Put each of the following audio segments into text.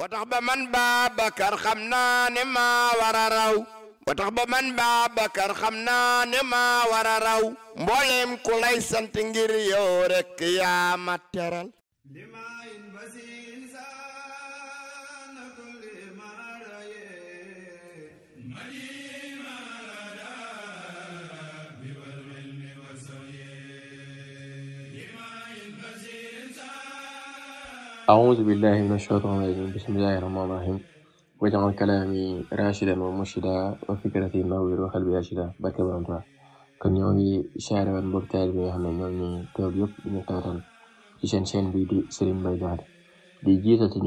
ba tax ba man baa Babacar xam naa ne maa war raw ba tax ba man Babacar xam naa ne maa wara raw mbooleem ku lay sant ngir yow rek yaa ma teral أعوذ بالله من الشيطان الرجيم بسم الله الرحمن الرحيم واجعل كلامي راشدا ومرشدا وفكرتي نوير وقلبي راشدا barke Borom Tuubaa kon ñoo ngi siyaare woon nga xam ne ñoo ngi toog yëpp ñu taataan ci seen chaîne bi di Serigne Mbaye Diakhate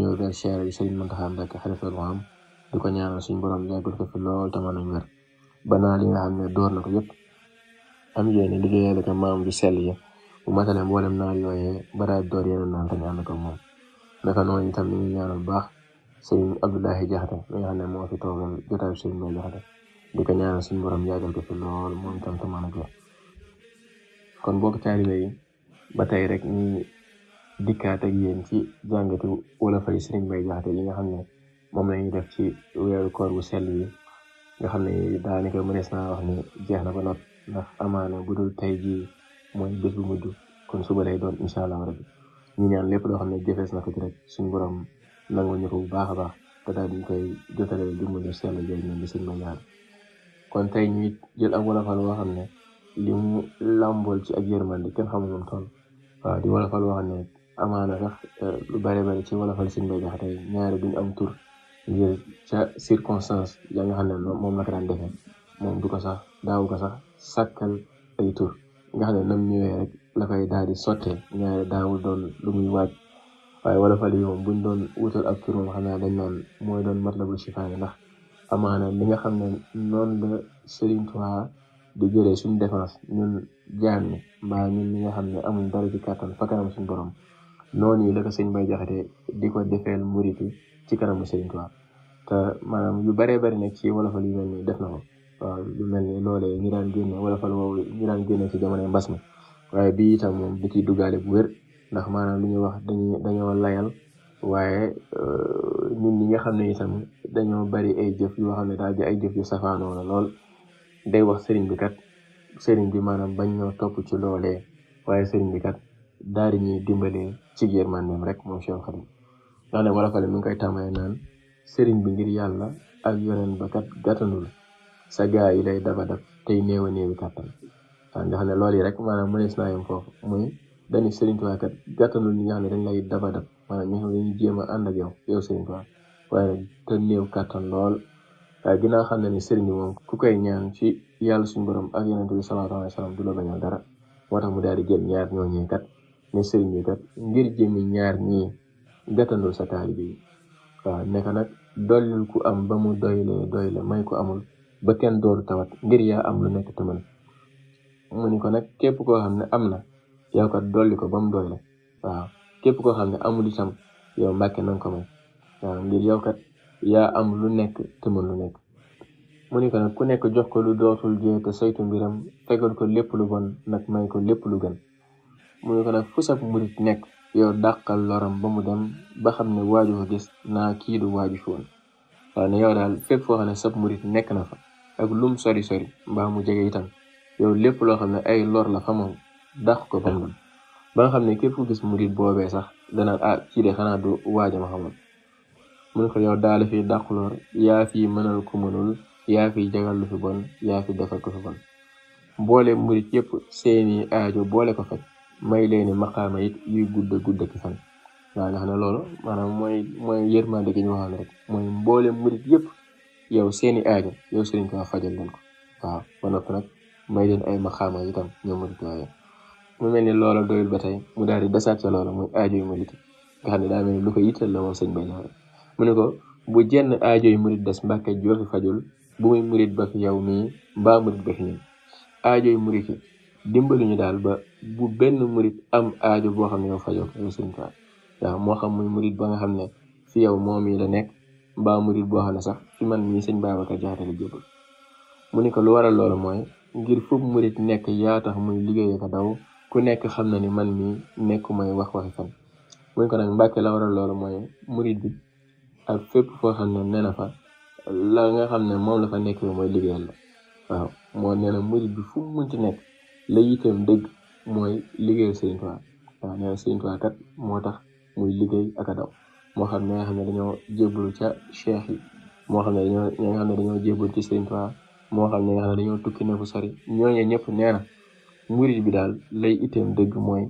di ko ñaanal suñu borom yàggal ko fi lool te mën nañ wér ba naa li nga xam ne door na ko yëpp am yéene ko moom naka noonu itam ñu ngi bu baax sëriñ Abdoulahi Jaxate mi xam ne moo fi toogoon ko ñaanal suñu borom yàggal ko moom itam te mën a ko kon bokk taalibe yi ba tey rek ñu dikkaat ak yéen ci jàngatu wala fay sëriñ Mbay Jaxate yi nga xam ne moom la ñuy def ci weeru koor bu sell bi nga xam ne daanaka mënees naa wax ni jeex na ba not ndax amaana bu dul tey jii mooy bés bu mujj kon suba lay doon incha allah rabbi ñu ñaan lépp loo xam ne jëfees na ko ci rek suñu nangu ñu bu baax a baax te daal di koy jotale dimbali si yàlla jooju ñoom di ma ñaan kon tey ñu jël ak wolofal woo xam ne li mu làmbool ci ak yërmande kenn xamul moom toll waaw di wolofal woo xam ne amaana sax euh, lu bare bare ci wolofal sëñ Mbay Jaxate ñaari duñ am tur ngir ca circonstance yaa nga xam ne moom la ko daan defee moom du ko sax daawu sax sàkkal ay tur nga xam ne nam ñëwee rek la koy daal di sottee ñaare daawul doon lu muy waaj waaye wala fal yi moom buñ doon wutal ak turam xam naa dañ naan mooy doon matlabul chifaani ndax amaana li nga xam ne noonu la Serigne Touba di jëlee suñu défense ñun jaam ñi mbaa ñun ñi nga xam ne amuñ dara ci kàttan fa kanam suñu borom noonu yi la ko sëñ Bay Jaxate di ko defeel muriti ci kanamu Serigne Touba te maanaam yu bëree bëri nag ci wala fal yu mel ni def na ko waaw lu mel ni loolee ñu daan génne wala fal woowu ñu daan génne ci jamono mbas mi waaye bi itam moom da ciy duggaale bu wér ndax maanaam lu ñuy wax dañuy dañoo layal waaye euh, ñun ñi nga xam ne itam dañoo bari ay jëf yoo xam ne daal di ay jëf yu safaanoo lool day wax sëriñ bi kat sëriñ bi maanaam bañ ñoo topp ci loolee waaye sëriñ bi kat daal di ñuy dimbale ci yërmandeem rek moom Cheikh Khadim nga ne wala fale mi ngi koy tàmbalee naan sëriñ bi ngir yàlla ak yoneen ba kat gàttandul sa gaa yi lay daba dab tey néew a néewi kàttan waaw nga yi rek maanaam mënees naa yem foofu muy dañu Sëriñ Tuubaa kat gàttalul ñi nga ne dañ lay daba dab maanaam ñi nga xam jéem a ànd ak yow yow waaye nag te kattan lool waaye ginnaaw xam ne ni sëriñ bi ku koy ñaan ci yàlla suñu borom ak yonent bi salaatu alayhi salaam dara moo mu daal di jël ñaar ñooñu kat ne sëriñ bi kat ngir ñaar ñii gàttandul sa taali bi waa nekk nag dollil ku am ba mu doyle doyle may ko amul ba kenn dooru tawat ngir yaa am lu nekk te mu ni nag képp koo xam ne am na yow kat dolli ko ba mu doy la waaw képp koo xam ne amul itam yow mbàkke na ko may waaw ngir yow kat yaa am lu nekk te mën lu nekk mu ni nag ku nekk jox ko lu dootul jee te saytu mbiram fegal ko lépp lu bon nag may ko lépp lu gën mu ni nag fu sab murit nekk yow dàqal loram ba mu dem ba xam ne waaju ko gis naa kii du waaju fi woon waaw ne yow daal fépp foo xam ne sab murit nekk na fa ak lum sori sori mbaa mu jege itam yow lépp loo xam ne ay lor la fa moom ko ba mu ba xam ne képp ku gis murid boobee sax danaan a ah, kii de xanaa du waaj ma xamoon mun ko yow daal fi dàq lor yaa fi mënal ko mënul yaa fi jagal lu fi bon yaa fi defal ko fi bon boole murid yëpp seeni aajo boole ko faj may leeni maqaama it yuy gudda gudda ki fan waaw nga ma ne mooy mooy yërmande gi ñu mboole murit yëpp seeni aajo yow sëriñ ko fajal leen ko may leen ay maxaama itam ñoom murit waaye mu mel ni loola doyul ba tey mu daal di desaat ca loola muy aajo yu murit nga xam ne daa mel ni ko yitteel la moom sëñ bay mu ne ko bu jenn aajo yu murit des mbàkke ji ba fi fajul bu muy murit ba fi yow mii mbaa murit ba fi ñun aajo yu murit yi dimbali ñu daal ba bu benn murit am aajo boo xam ne yow fajoo ko moo xam muy murit ba nga xam ne fi yow moom yi la nekk mbaa murit boo xam ne sax fi man mii sëñ Babacar Jaxate la jébal mu ne ko lu waral loolu mooy ngir fu murit nekk yaa tax muy liggéey ko daw ku nekk xam na ni man mi nekk may wax waxi fan muy ko nag Mbàkke la waral loolu mooy murit bi ak fépp foo xam ne nee na la nga xam ne moom la fa nekk mooy liggéeyal la waaw moo nee na murit bi nekk la itam dëgg mooy liggéeyal Sëriñ Tuubaa moo tax muy liggéey ak a moo xam ne nga xam dañoo jébbalu ca cheikh yi moo xam ne dañoo ñi xam ne dañoo jébbalu ci Sëriñ Tuubaa moo xam ne nga xam dañoo tukki ne fu sari ñooñu ñëpp nee na bi daal lay itteem dëgg mooy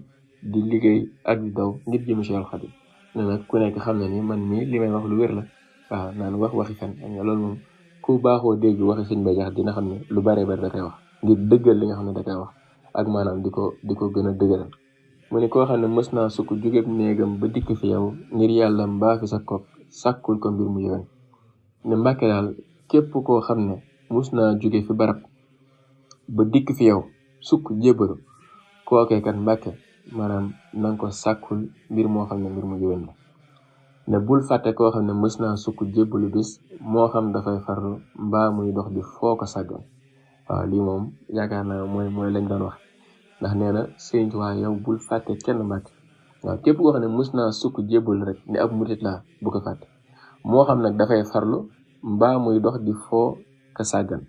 di liggéey ak di daw ngir jëm Seexul Xadim ne nag ku nekk xam na ni man mii li may wax lu wér la waaw naan wax waxi fen xam nga loolu ku baaxoo dégg waxi sëñ ba Jaxate dina xam ne lu bare bare da koy wax ngir dëggal li nga xam ne dakay wax ak maanaam di ko di ko gën a dëgëral mu ne ko xam ne mës naa sukk jógeeb néegam ba dikk fi yow ngir yàlla mbaa fi sa kopp sàkkul ko mbir mu yëwen ne képp koo xam ne mus naa jóge fi barab ba dikk fi yow sukk jébalu kookee kat mbàkke maanaam na nga ko sàkkul mbir moo xam ne mbir mu yëwén ne bul fàtte koo xam ne mës naa sukk jébalu bis moo xam dafay farlu mbaa muy dox di foo ko lii moom yaakaar naa mooy mooy lañ doon wax ndax nee na sëriñ Tuubaa yow bul fàtte kenn mbàkke waaw képp xam ne mës naa sukk jébalu rek ne ab murit laa bu ko fàtte moo xam nag dafay farlu mba muy dox di foo ka sàggan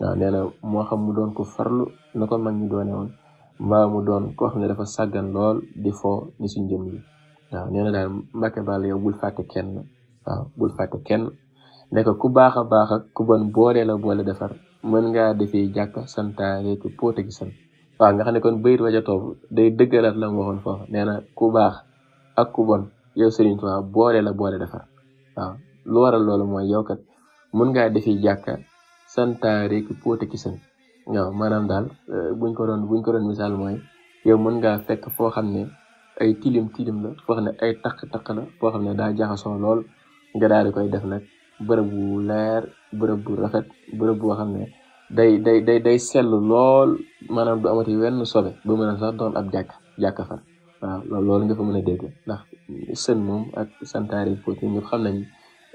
waaw nee moo xam mu doon ko farlu na ko mag ñi doone woon mbaa mu doon koo xam ne dafa sàggan lool di foo ni si jëm yi waaw nee na daal Mbàkke Bàll yow bul fàtte kenn waaw bul fàtte kenn ne ko ku baax a baax ak ku bon boolee la boole defar mën ngaa defee jàkk santaare ko póote gi san waaw nga xam waja toob la mu nee na ku baax ak ku bon yow boole la boole defar waaw lu waral loolu mooy yow kat mën ngaa defee santaare ki póote ki seen waaw maanaam daal eh, buñ ko doon buñ ko doon misaal mooy yow mën ngaa fekk foo xam ne ay tilim tilim la foo xam ne ay taq-taq la foo xam ne daa jaxasoo lool nga daal di koy def nag bërëb bu leer bërëb rafet bërëb boo xam ne day day day day sellu lool maanaam du amati wenn sobe ba mën a sax doon ab jàkk jàkk fan lool loolu nga fa mën a dégg ndax sën moom ak santaare fóot ñu xam nañ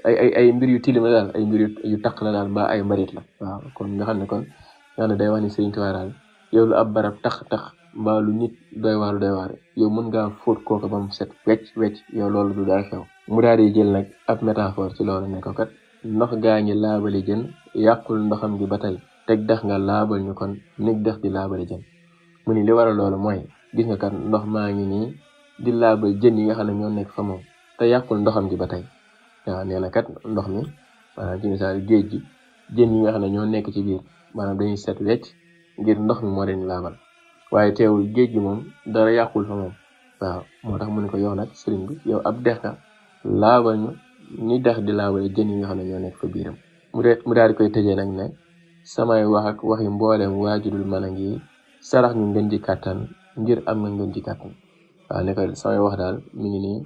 ay ay ay mbir yu tilima daal ay mbir yu taq la daal mbaa ay mbarit la waaw kon nga xam ne kon day wax ni Sëriñ Tuubaa daal yow lu ab barab tax tax mbaa lu nit doy waar doy waar yow mën ngaa fóot kooka ba mu set wecc wecc yow loolu lu daal xew mu daal jël nag ab métaphore ci loolu ne ko kat ndox gaa ngi laabali jën yàqul ndoxam gi ba tey teg dex nga laabal ñu kon nit dex di laabali jën mu ni li waral loolu mooy gis nga kat ndox maa ngi nii di laabal jën yi nga xam ne ñoo nekk fa moom te yàqul ndoxam gi ba tey neena kat ndox mi manam ah, ci misal geej gi jeen yi nga xamne ñoo nekk ci biir manam dañuy set wecc ngir ndox mi mo leen laabal waaye teewul geej gi moom dara yàqul fa moom waaw moo tax mu ne ko yow nag sëriñ bi yow ab dex nga laabal ñu ni dex di laabal jeen yi nga xamne ñoo nekk fa biiram mu de mu daal di koy tëjee nag ne samay wax ak waxi mbooleem waajudul mën a ngi sarax ñu ngën ji kàttan ngir am na ngën ji kàttan waaw ne ko samay wax daal mi ngi nii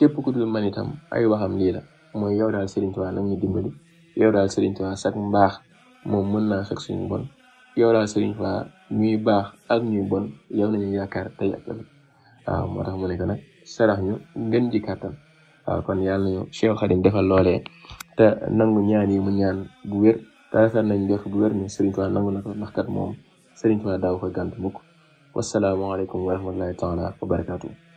képp ku dul man itam ay waxam lii la mooy yow daal Serigne Touba nag ñu dimbali yow daal Serigne Touba sax mbaax moom mën naa fekk suñu bon yow daal Serigne Touba ñuy baax ak ñuy bon yow nañu yaakaar ta ak tamit moo tax mu ne ko nag sarax ñu ngën ji kàttan waaw kon yàlla nañu Cheikh Khadim defal loolee te nangu ñaan yi mu ñaan bu wér te rafet nañ def bu wér ne Serigne Touba nangu na ko ndax moom Serigne Touba daaw ko gànt mukk wasalaamaaleykum wa rahmatullahi taala o barakaatu